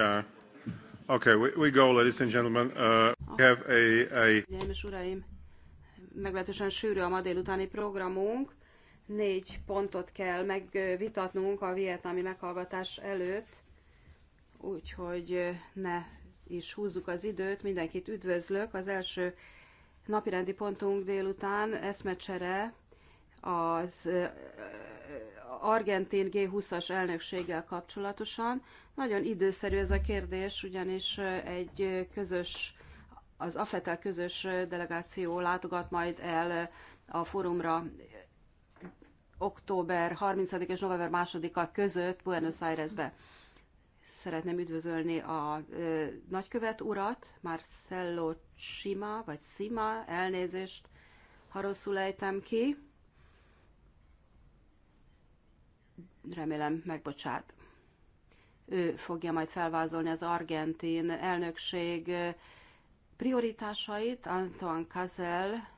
Uh, okay, we, we go, ladies and gentlemen. Uh, we have a... a... és uraim, meglehetősen sűrű a ma délutáni programunk. Négy pontot kell megvitatnunk a vietnámi meghallgatás előtt, úgyhogy uh, ne is húzzuk az időt. Mindenkit üdvözlök. Az első napirendi pontunk délután eszmecsere az uh, argentin G20-as elnökséggel kapcsolatosan. Nagyon időszerű ez a kérdés, ugyanis egy közös, az Afeta közös delegáció látogat majd el a fórumra október 30 és november 2-a között Buenos Airesbe. Szeretném üdvözölni a ö, nagykövet urat, Marcello Sima, vagy Sima, elnézést, ha rosszul ejtem ki. remélem megbocsát. Ő fogja majd felvázolni az argentin elnökség prioritásait. Antoine Cazel,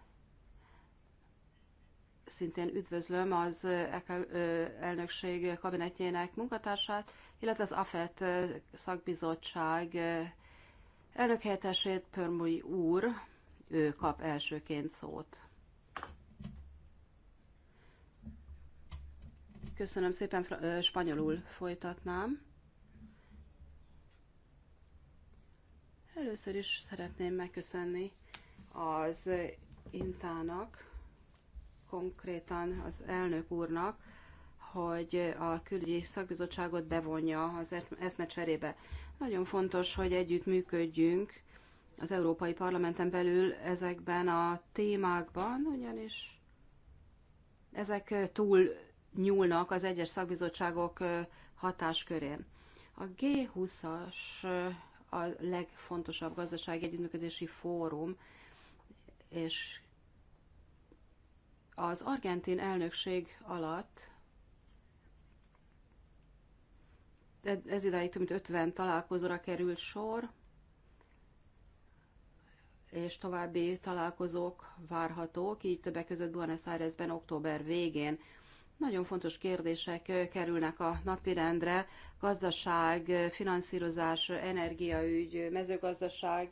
szintén üdvözlöm az elnökség kabinetjének munkatársát, illetve az AFET szakbizottság elnökhelyettesét Pörmúj úr, ő kap elsőként szót. Köszönöm szépen, spanyolul folytatnám. Először is szeretném megköszönni az Intának, konkrétan az elnök úrnak, hogy a külügyi szakbizottságot bevonja az cserébe. Nagyon fontos, hogy együtt működjünk az Európai Parlamenten belül ezekben a témákban, ugyanis ezek túl nyúlnak az egyes szakbizottságok hatáskörén. A G20-as a legfontosabb gazdasági együttműködési fórum, és az argentin elnökség alatt ez idáig több mint 50 találkozóra került sor, és további találkozók várhatók, így többek között Buenos Airesben október végén. Nagyon fontos kérdések kerülnek a napirendre, gazdaság, finanszírozás, energiaügy, mezőgazdaság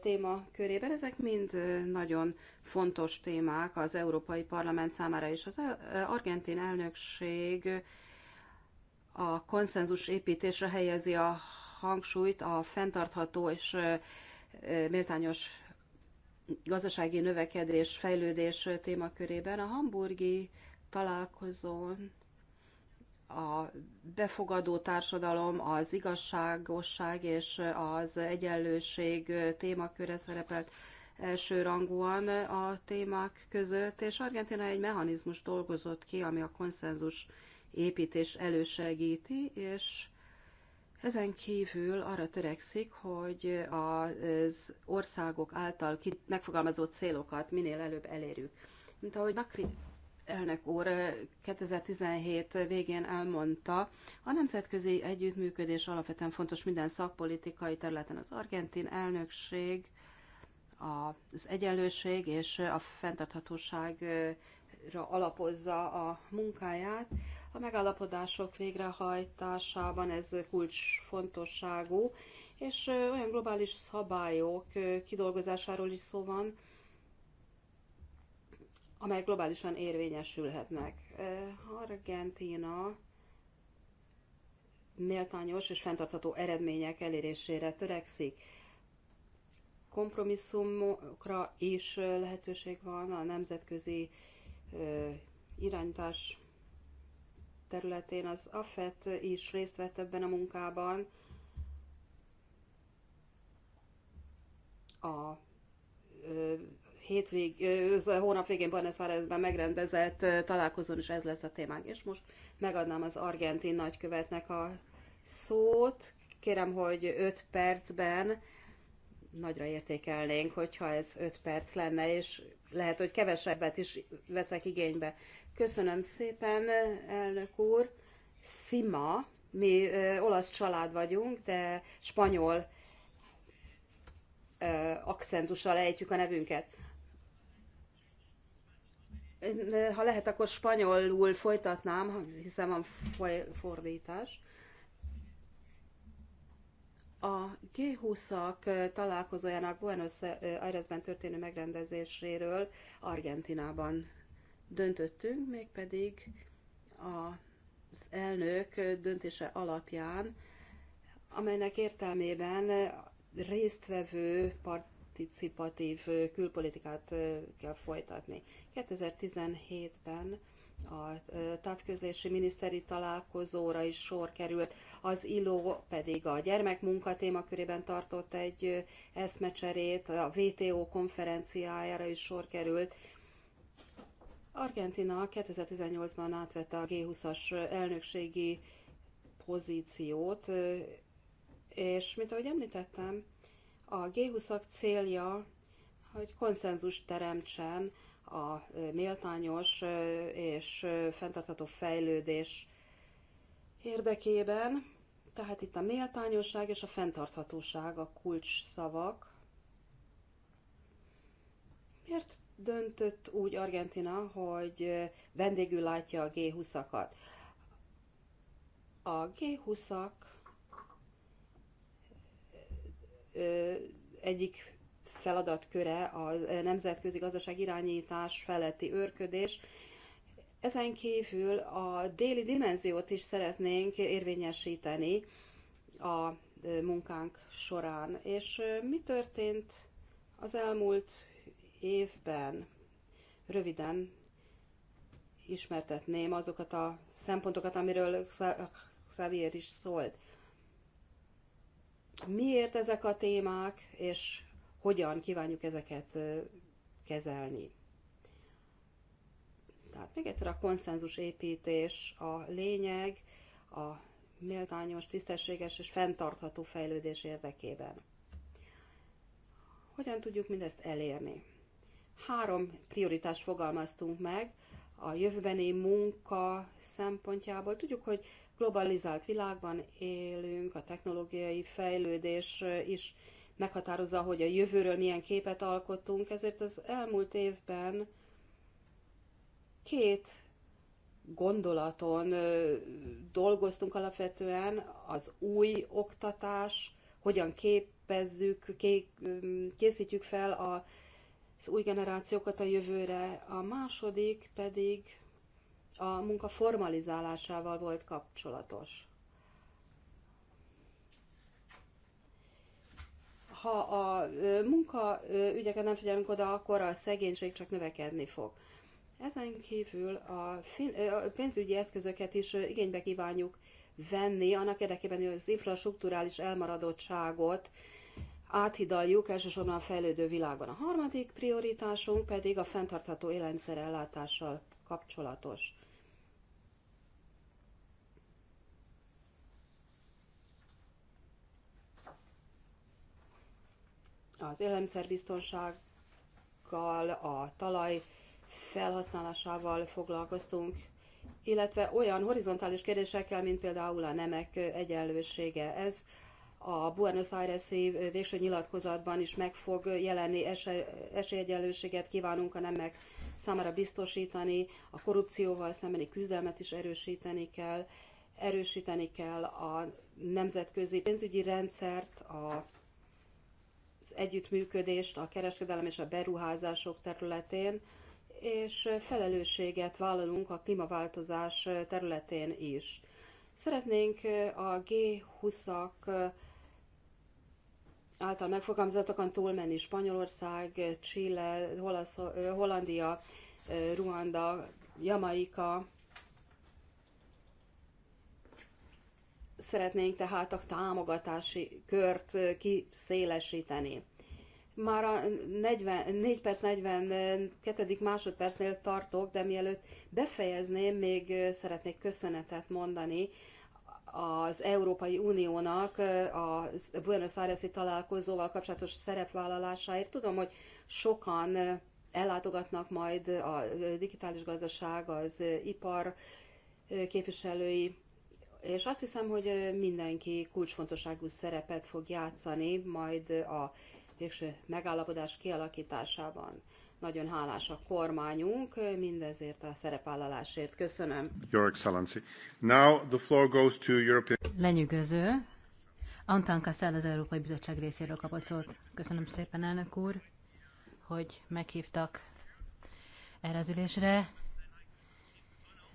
téma körében Ezek mind nagyon fontos témák az Európai Parlament számára is. Az argentin elnökség a konszenzus építésre helyezi a hangsúlyt a fenntartható és méltányos gazdasági növekedés, fejlődés témakörében. A hamburgi találkozón a befogadó társadalom, az igazságosság és az egyenlőség témaköre szerepelt elsőrangúan a témák között, és Argentina egy mechanizmus dolgozott ki, ami a konszenzus építés elősegíti, és ezen kívül arra törekszik, hogy az országok által megfogalmazott célokat minél előbb elérjük. Mint ahogy Macri elnök úr 2017 végén elmondta, a nemzetközi együttműködés alapvetően fontos minden szakpolitikai területen az argentin elnökség, az egyenlőség és a fenntarthatóságra alapozza a munkáját. A megállapodások végrehajtásában ez kulcsfontosságú, és olyan globális szabályok kidolgozásáról is szó van, amelyek globálisan érvényesülhetnek. Argentina méltányos és fenntartható eredmények elérésére törekszik. Kompromisszumokra is lehetőség van a nemzetközi irányítás területén. Az AFET is részt vett ebben a munkában. A hétvég, hónap végén Buenos Airesben megrendezett találkozón is ez lesz a témánk. És most megadnám az argentin nagykövetnek a szót. Kérem, hogy 5 percben nagyra értékelnénk, hogyha ez 5 perc lenne, és lehet, hogy kevesebbet is veszek igénybe. Köszönöm szépen, elnök úr. Sima, mi ö, olasz család vagyunk, de spanyol ö, akcentussal ejtjük a nevünket. Ha lehet, akkor spanyolul folytatnám, hiszen van fordítás. A G20-ak találkozójának Buenos Airesben történő megrendezéséről Argentinában döntöttünk, mégpedig az elnök döntése alapján, amelynek értelmében résztvevő part participatív külpolitikát kell folytatni. 2017-ben a távközlési miniszteri találkozóra is sor került. Az ILO pedig a gyermekmunka témakörében tartott egy eszmecserét, a VTO konferenciájára is sor került. Argentina 2018-ban átvette a G20-as elnökségi pozíciót, és mint ahogy említettem, a g 20 célja, hogy konszenzus teremtsen a méltányos és fenntartható fejlődés érdekében. Tehát itt a méltányosság és a fenntarthatóság a kulcs szavak. Miért döntött úgy Argentina, hogy vendégül látja a G20-akat? A G20-ak egyik feladatköre a nemzetközi gazdaság irányítás feletti őrködés. Ezen kívül a déli dimenziót is szeretnénk érvényesíteni a munkánk során. És mi történt az elmúlt évben? Röviden ismertetném azokat a szempontokat, amiről Xavier is szólt miért ezek a témák, és hogyan kívánjuk ezeket kezelni. Tehát még egyszer a konszenzus építés a lényeg, a méltányos, tisztességes és fenntartható fejlődés érdekében. Hogyan tudjuk mindezt elérni? Három prioritást fogalmaztunk meg, a jövőbeni munka szempontjából. Tudjuk, hogy globalizált világban élünk, a technológiai fejlődés is meghatározza, hogy a jövőről milyen képet alkottunk, ezért az elmúlt évben két gondolaton dolgoztunk alapvetően, az új oktatás, hogyan képezzük, készítjük fel a az új generációkat a jövőre, a második pedig a munka formalizálásával volt kapcsolatos. Ha a munka, ügyeket nem figyelünk oda, akkor a szegénység csak növekedni fog. Ezen kívül a pénzügyi eszközöket is igénybe kívánjuk venni, annak érdekében, hogy az infrastruktúrális elmaradottságot áthidaljuk elsősorban a fejlődő világban. A harmadik prioritásunk pedig a fenntartható élelmiszerellátással kapcsolatos. Az élelmiszerbiztonsággal, a talaj felhasználásával foglalkoztunk, illetve olyan horizontális kérdésekkel, mint például a nemek egyenlősége. Ez a Buenos Aires-i végső nyilatkozatban is meg fog jelenni, esélyegyenlőséget kívánunk a nemek számára biztosítani, a korrupcióval szembeni küzdelmet is erősíteni kell, erősíteni kell a nemzetközi pénzügyi rendszert, a az együttműködést a kereskedelem és a beruházások területén, és felelősséget vállalunk a klímaváltozás területén is. Szeretnénk a G20-ak által megfogalmazottakon túlmenni Spanyolország, Chile, Holasz, Hollandia, Ruanda, Jamaika. Szeretnénk tehát a támogatási kört kiszélesíteni. Már a 40, 4 perc 42. másodpercnél tartok, de mielőtt befejezném, még szeretnék köszönetet mondani az Európai Uniónak a Buenos Aires-i találkozóval kapcsolatos szerepvállalásáért. Tudom, hogy sokan ellátogatnak majd a digitális gazdaság, az ipar képviselői, és azt hiszem, hogy mindenki kulcsfontosságú szerepet fog játszani majd a végső megállapodás kialakításában. Nagyon hálás a kormányunk mindezért a szerepállalásért. Köszönöm. Your Excellency. Now the floor goes to European... Lenyűgöző. Antan Kassel az Európai Bizottság részéről kapott szót. Köszönöm szépen, elnök úr, hogy meghívtak erre az ülésre.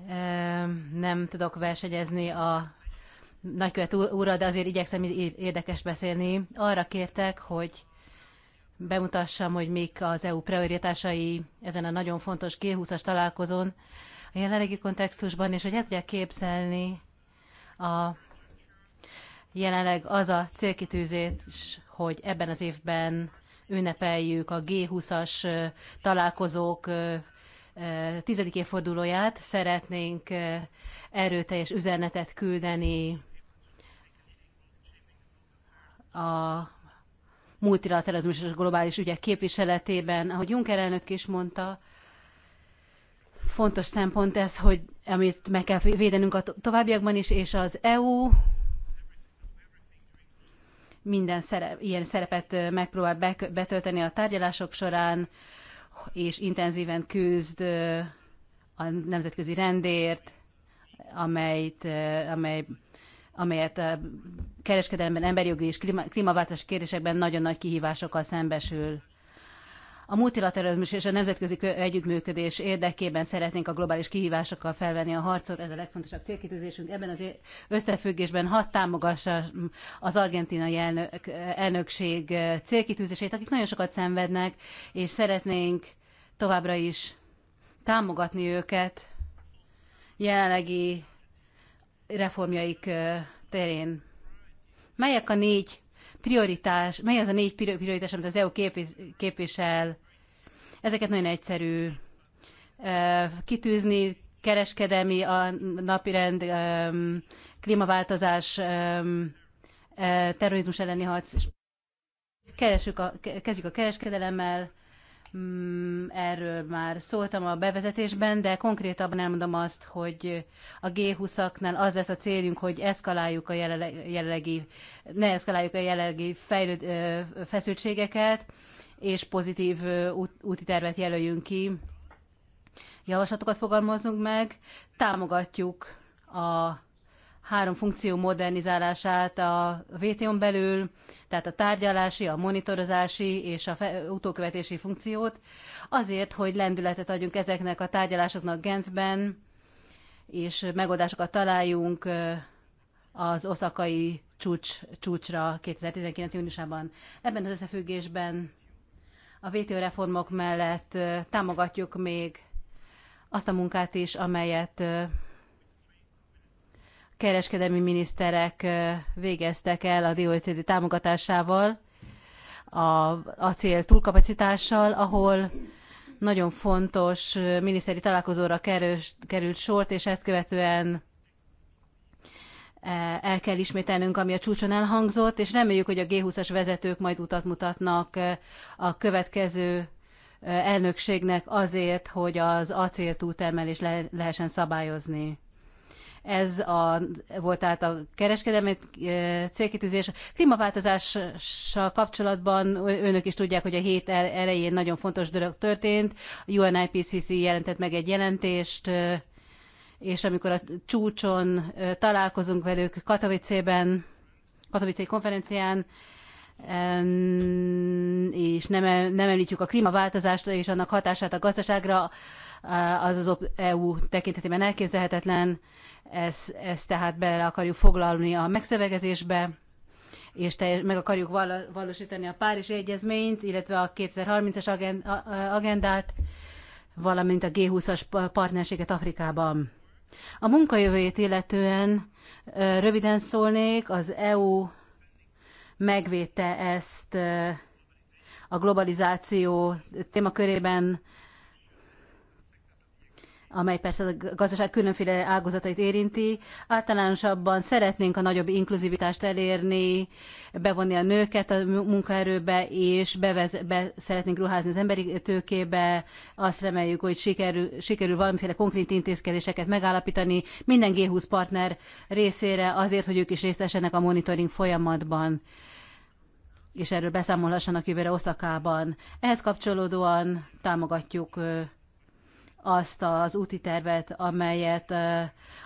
Ehm, nem tudok versenyezni a nagykövet úrral, de azért igyekszem érdekes beszélni. Arra kértek, hogy bemutassam, hogy mik az EU prioritásai ezen a nagyon fontos G20-as találkozón a jelenlegi kontextusban, és hogy el tudják képzelni a jelenleg az a célkitűzés, hogy ebben az évben ünnepeljük a G20-as találkozók tizedik évfordulóját. Szeretnénk erőteljes üzenetet küldeni a multilateralizmus és globális ügyek képviseletében. Ahogy Juncker elnök is mondta, fontos szempont ez, hogy amit meg kell védenünk a továbbiakban is, és az EU minden szerep, ilyen szerepet megpróbál betölteni a tárgyalások során, és intenzíven küzd a nemzetközi rendért, amelyet, amely amelyet a eh, kereskedelemben, emberjogi és klíma, kérdésekben nagyon nagy kihívásokkal szembesül. A multilateralizmus és a nemzetközi együttműködés érdekében szeretnénk a globális kihívásokkal felvenni a harcot, ez a legfontosabb célkitűzésünk. Ebben az összefüggésben hat támogassa az argentinai elnök, elnökség eh, célkitűzését, akik nagyon sokat szenvednek, és szeretnénk továbbra is támogatni őket jelenlegi reformjaik terén. Melyek a négy prioritás, mely az a négy prioritás, amit az EU képvisel? Ezeket nagyon egyszerű kitűzni, kereskedelmi, a napirend, klímaváltozás, terrorizmus elleni harc. Keresük a, kezdjük a kereskedelemmel, Mm, erről már szóltam a bevezetésben, de konkrétabban elmondom azt, hogy a G20-aknál az lesz a célunk, hogy eszkaláljuk a jelenlegi, ne eszkaláljuk a jelenlegi fejlőd, feszültségeket, és pozitív úti tervet jelöljünk ki, javaslatokat fogalmazunk meg, támogatjuk a három funkció modernizálását a VTO-n belül, tehát a tárgyalási, a monitorozási és a utókövetési funkciót, azért, hogy lendületet adjunk ezeknek a tárgyalásoknak Genfben, és megoldásokat találjunk az oszakai csúcs, csúcsra 2019. júniusában. Ebben az összefüggésben a VTO reformok mellett támogatjuk még azt a munkát is, amelyet kereskedelmi miniszterek végeztek el a DOCD támogatásával, a acél túlkapacitással, ahol nagyon fontos miniszteri találkozóra került sort, és ezt követően e, el kell ismételnünk, ami a csúcson elhangzott, és reméljük, hogy a G20-as vezetők majd utat mutatnak a következő elnökségnek azért, hogy az acél túltermelés le lehessen szabályozni. Ez a, volt tehát a kereskedelmi célkitűzés. A klímaváltozással kapcsolatban önök is tudják, hogy a hét elején nagyon fontos dolog történt. A UNIPCC jelentett meg egy jelentést, és amikor a csúcson találkozunk velük Katowice-ben, Katowicei konferencián, és nem, nem említjük a klímaváltozást és annak hatását a gazdaságra, az az EU tekintetében elképzelhetetlen, ezt, ezt tehát bele akarjuk foglalni a megszövegezésbe, és te, meg akarjuk valósítani a Párizsi Egyezményt, illetve a 2030-as agendát, valamint a G20-as partnerséget Afrikában. A munkajövőjét illetően röviden szólnék, az EU megvédte ezt a globalizáció témakörében, amely persze a gazdaság különféle ágazatait érinti. Általánosabban szeretnénk a nagyobb inkluzivitást elérni, bevonni a nőket a munkaerőbe, és bevez, be szeretnénk ruházni az emberi tőkébe. Azt reméljük, hogy sikerül, sikerül valamiféle konkrét intézkedéseket megállapítani minden G20 partner részére azért, hogy ők is részt a monitoring folyamatban és erről beszámolhassanak jövőre Oszakában. Ehhez kapcsolódóan támogatjuk azt az úti tervet, amelyet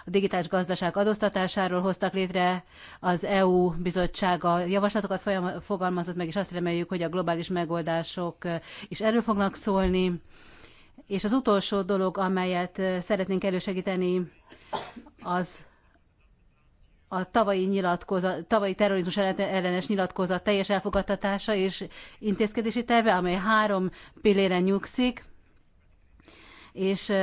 a digitális gazdaság adóztatásáról hoztak létre. Az EU bizottsága javaslatokat fogalmazott meg, és azt reméljük, hogy a globális megoldások is erről fognak szólni. És az utolsó dolog, amelyet szeretnénk elősegíteni, az a tavalyi, nyilatkozat, tavalyi terrorizmus ellenes nyilatkozat teljes elfogadtatása és intézkedési terve, amely három pillére nyugszik, és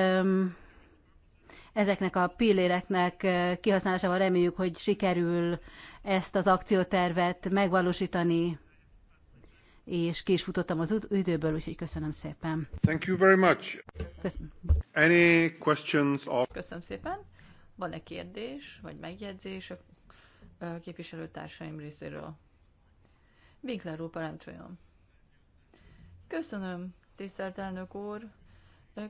ezeknek a pilléreknek kihasználásával reméljük, hogy sikerül ezt az akciótervet megvalósítani, és ki is futottam az időből, úgyhogy köszönöm szépen. Thank you very much. Köszönöm. Any questions or... Köszönöm szépen. Van-e kérdés vagy megjegyzés a képviselőtársaim részéről? Winkler úr, parancsoljon. Köszönöm, tisztelt elnök úr.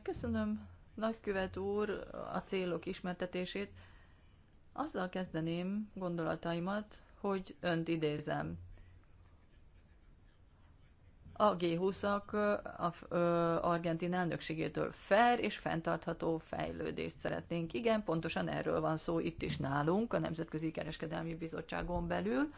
Köszönöm, nagykövet úr, a célok ismertetését. Azzal kezdeném gondolataimat, hogy önt idézem a G20-ak a, argentin elnökségétől fair és fenntartható fejlődést szeretnénk. Igen, pontosan erről van szó itt is nálunk, a Nemzetközi Kereskedelmi Bizottságon belül,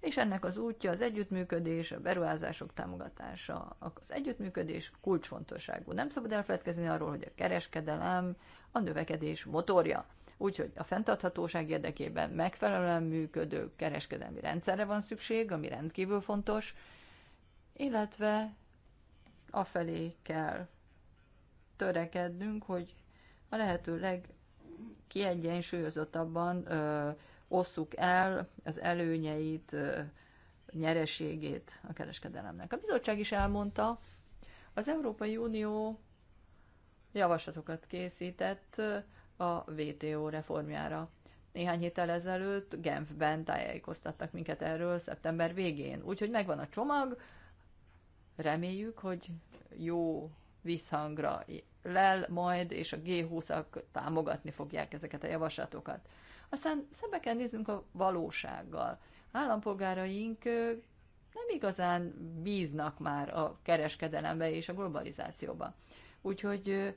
és ennek az útja az együttműködés, a beruházások támogatása. Az együttműködés kulcsfontosságú. Nem szabad elfeledkezni arról, hogy a kereskedelem a növekedés motorja. Úgyhogy a fenntarthatóság érdekében megfelelően működő kereskedelmi rendszerre van szükség, ami rendkívül fontos, illetve afelé kell törekednünk, hogy a lehető legkiegyensúlyozottabban ö, osszuk el az előnyeit, ö, nyereségét a kereskedelemnek. A bizottság is elmondta, az Európai Unió javaslatokat készített a WTO reformjára. Néhány héttel ezelőtt Genfben tájékoztattak minket erről szeptember végén. Úgyhogy megvan a csomag, Reméljük, hogy jó visszhangra lel majd, és a G20-ak támogatni fogják ezeket a javaslatokat. Aztán szembe kell néznünk a valósággal. Állampolgáraink nem igazán bíznak már a kereskedelembe és a globalizációba. Úgyhogy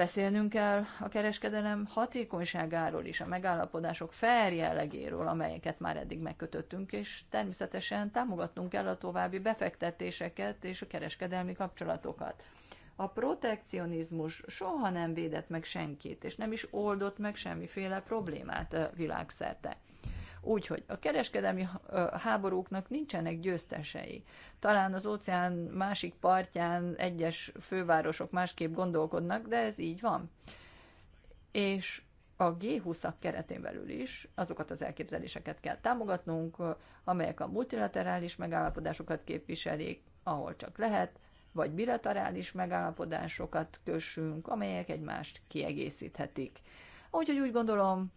Beszélnünk kell a kereskedelem hatékonyságáról is, a megállapodások fair jellegéről, amelyeket már eddig megkötöttünk, és természetesen támogatnunk kell a további befektetéseket és a kereskedelmi kapcsolatokat. A protekcionizmus soha nem védett meg senkit, és nem is oldott meg semmiféle problémát világszerte. Úgyhogy a kereskedelmi háborúknak nincsenek győztesei. Talán az óceán másik partján egyes fővárosok másképp gondolkodnak, de ez így van. És a G20-ak keretén belül is azokat az elképzeléseket kell támogatnunk, amelyek a multilaterális megállapodásokat képviselik, ahol csak lehet, vagy bilaterális megállapodásokat kössünk, amelyek egymást kiegészíthetik. Úgyhogy úgy gondolom,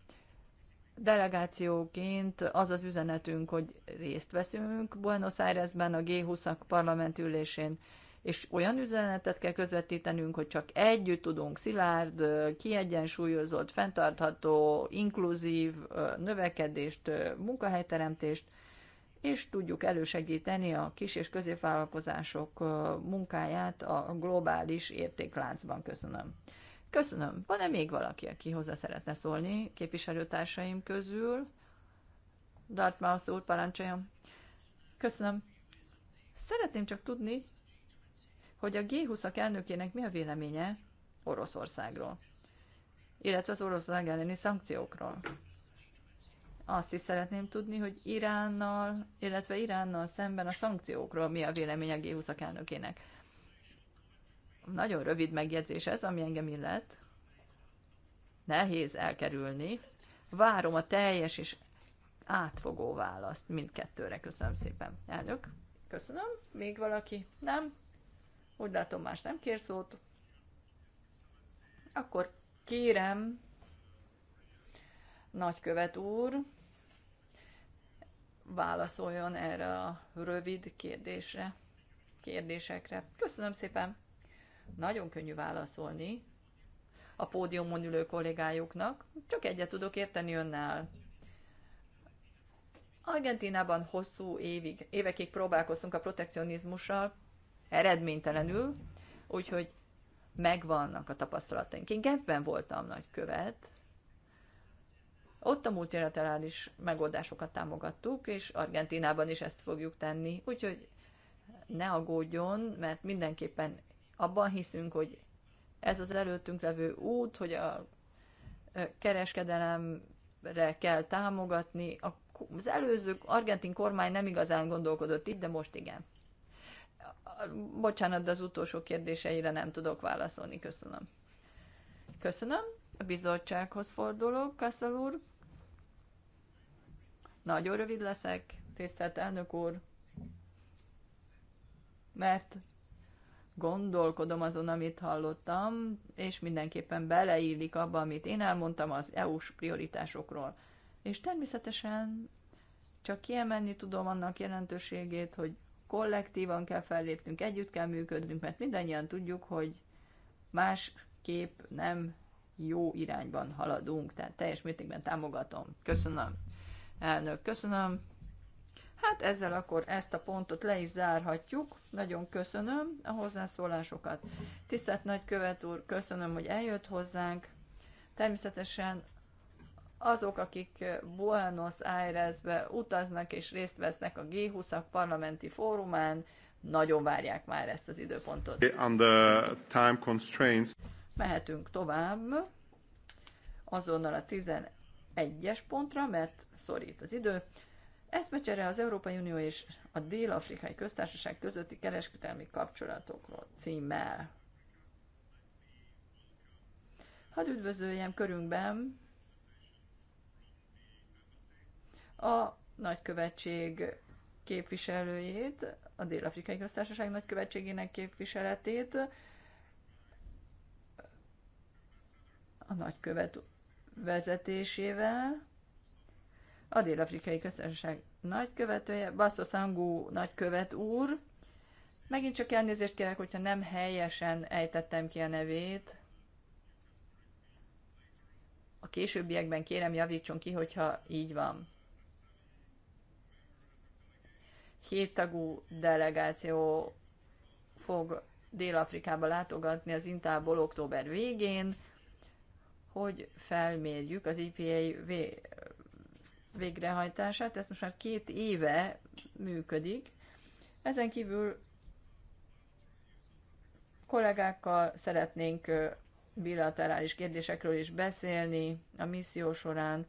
Delegációként az az üzenetünk, hogy részt veszünk Buenos Airesben a g 20 parlament ülésén, és olyan üzenetet kell közvetítenünk, hogy csak együtt tudunk szilárd, kiegyensúlyozott, fenntartható, inkluzív növekedést, munkahelyteremtést, és tudjuk elősegíteni a kis- és középvállalkozások munkáját a globális értékláncban. Köszönöm. Köszönöm. Van-e még valaki, aki hozzá szeretne szólni képviselőtársaim közül? Dartmouth úr, parancsoljon. Köszönöm. Szeretném csak tudni, hogy a G20-ak elnökének mi a véleménye Oroszországról, illetve az Oroszország elleni szankciókról. Azt is szeretném tudni, hogy Iránnal, illetve Iránnal szemben a szankciókról mi a véleménye a G20-ak elnökének. Nagyon rövid megjegyzés ez, ami engem illet. Nehéz elkerülni. Várom a teljes és átfogó választ mindkettőre. Köszönöm szépen. Elnök, köszönöm. Még valaki? Nem? Úgy látom, más nem kér szót. Akkor kérem, nagykövet úr, válaszoljon erre a rövid kérdésre, kérdésekre. Köszönöm szépen! Nagyon könnyű válaszolni a pódiumon ülő kollégájuknak, csak egyet tudok érteni önnel. Argentinában hosszú évig, évekig próbálkoztunk a protekcionizmussal, eredménytelenül, úgyhogy megvannak a tapasztalataink. Én Genfben voltam nagy követ. ott a multilaterális megoldásokat támogattuk, és Argentinában is ezt fogjuk tenni, úgyhogy ne aggódjon, mert mindenképpen abban hiszünk, hogy ez az előttünk levő út, hogy a kereskedelemre kell támogatni. Az előző argentin kormány nem igazán gondolkodott itt, de most igen. Bocsánat, de az utolsó kérdéseire nem tudok válaszolni. Köszönöm. Köszönöm. A bizottsághoz fordulok, Kasszal úr. Nagyon rövid leszek, tisztelt elnök úr, mert gondolkodom azon, amit hallottam, és mindenképpen beleillik abba, amit én elmondtam az EU-s prioritásokról. És természetesen csak kiemelni tudom annak jelentőségét, hogy kollektívan kell fellépnünk, együtt kell működnünk, mert mindannyian tudjuk, hogy más kép nem jó irányban haladunk, tehát teljes mértékben támogatom. Köszönöm. Elnök, köszönöm. Hát ezzel akkor ezt a pontot le is zárhatjuk. Nagyon köszönöm a hozzászólásokat. Tisztelt Nagykövet úr, köszönöm, hogy eljött hozzánk. Természetesen azok, akik Buenos Airesbe utaznak és részt vesznek a G20-ak parlamenti fórumán, nagyon várják már ezt az időpontot. Under time constraints. Mehetünk tovább azonnal a 11-es pontra, mert szorít az idő. Eszmecsere az Európai Unió és a Dél-Afrikai Köztársaság közötti kereskedelmi kapcsolatokról címmel. Hadd üdvözöljem körünkben a nagykövetség képviselőjét, a Dél-Afrikai Köztársaság nagykövetségének képviseletét, a nagykövet vezetésével, a Dél-Afrikai Köztársaság nagykövetője, Basso Sangu nagykövet úr. Megint csak elnézést kérek, hogyha nem helyesen ejtettem ki a nevét. A későbbiekben kérem javítson ki, hogyha így van. Héttagú delegáció fog Dél-Afrikába látogatni az Intából október végén, hogy felmérjük az IPA végrehajtását, ez most már két éve működik. Ezen kívül kollégákkal szeretnénk bilaterális kérdésekről is beszélni a misszió során.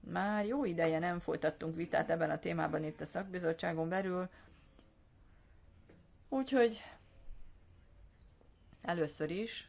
Már jó ideje nem folytattunk vitát ebben a témában itt a szakbizottságon belül, úgyhogy először is